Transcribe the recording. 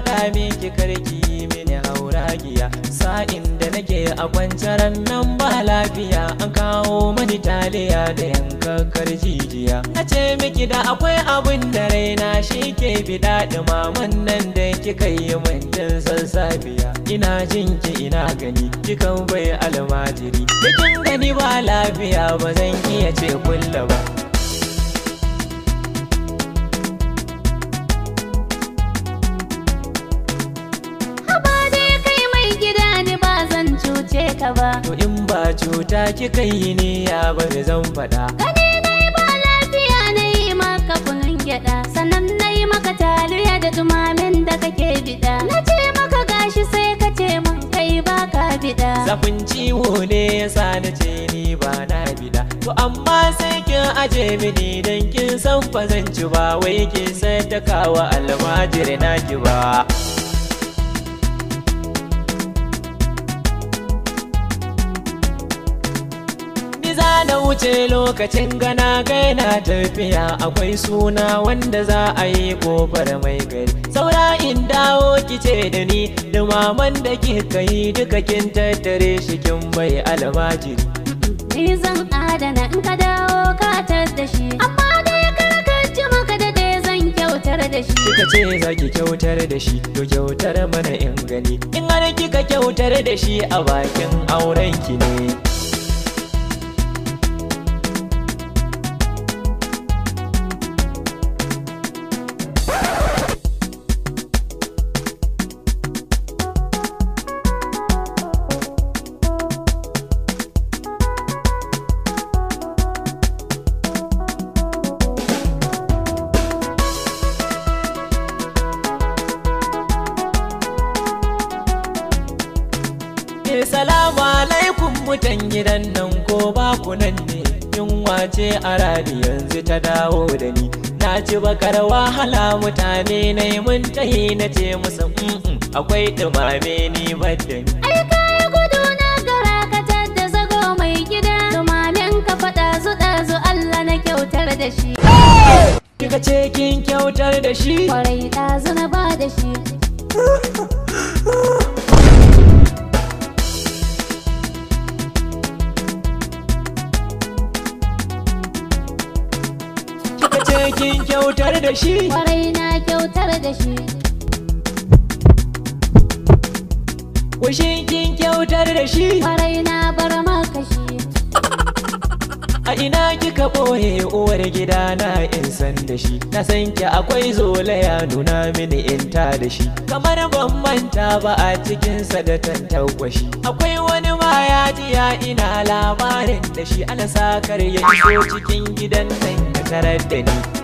faɗa miki karki mini haura giya. sa'in da nake a kwanciyar nan ba lafiya an kawo mani taliya da karji jijiya na ce miki da akwai abin da raina shi ke daɗi maman nan da kika yi mantin sassafiya ina jin ki ina gani kikan bai almajiri da gani ba lafiya ba zan iya ce kulla ba ba to in ba cuta kika yi ne ya da zan faɗa gani dai ba lafiya na yi maka kunun gyaɗa sannan na yi maka taliya da tumamin da kake biɗa na ce maka gashi sai ka ce min kai ba ka biɗa zafin ciwo ne ya sa na ce ni ba na biɗa to amma sai kin aje mini don kin san fa zan ci ba wai kin sadakawa almajiri naki ba wuce lokacin gana gaina tafiya akwai suna wanda za a yi kofar mai gari saura in dawo kice da ni dumaman da kika yi duka kin tattare shi kin bai almajiri ni zan adana in ka dawo ka da shi amma dai karkanci maka da dai zan kyautar da shi kika ce za ki kyautar da shi to kyautar mana in gani in har kika kyautar da shi a bakin auren ki ne mutan gidan nan ko ba nan ne yunwa ce a rani yanzu ta dawo da ni na ci bakar wahala mutane na yi mun tahi na ce musu akwai dumame ni badda ni ai kaya gudu na gara ka da zago mai gida dumamen ka faɗa zuɗa zu Allah na kyautar da shi kika ce kin kyautar da shi kwarai ɗazu na ba da shi kin kyautar da shi kwarai na kyautar da shi Kushin kin kyautar da shi kwarai na bar maka shi a ina kika ɓoye uwar gida na in san da shi na san ki akwai zolaya nuna mini in ta da shi kamar ban manta ba a cikin sa da tantagwashi akwai wani ma ya ji ya ina labarin da shi ana sakar ya cikin gidan nan ya tarar da ni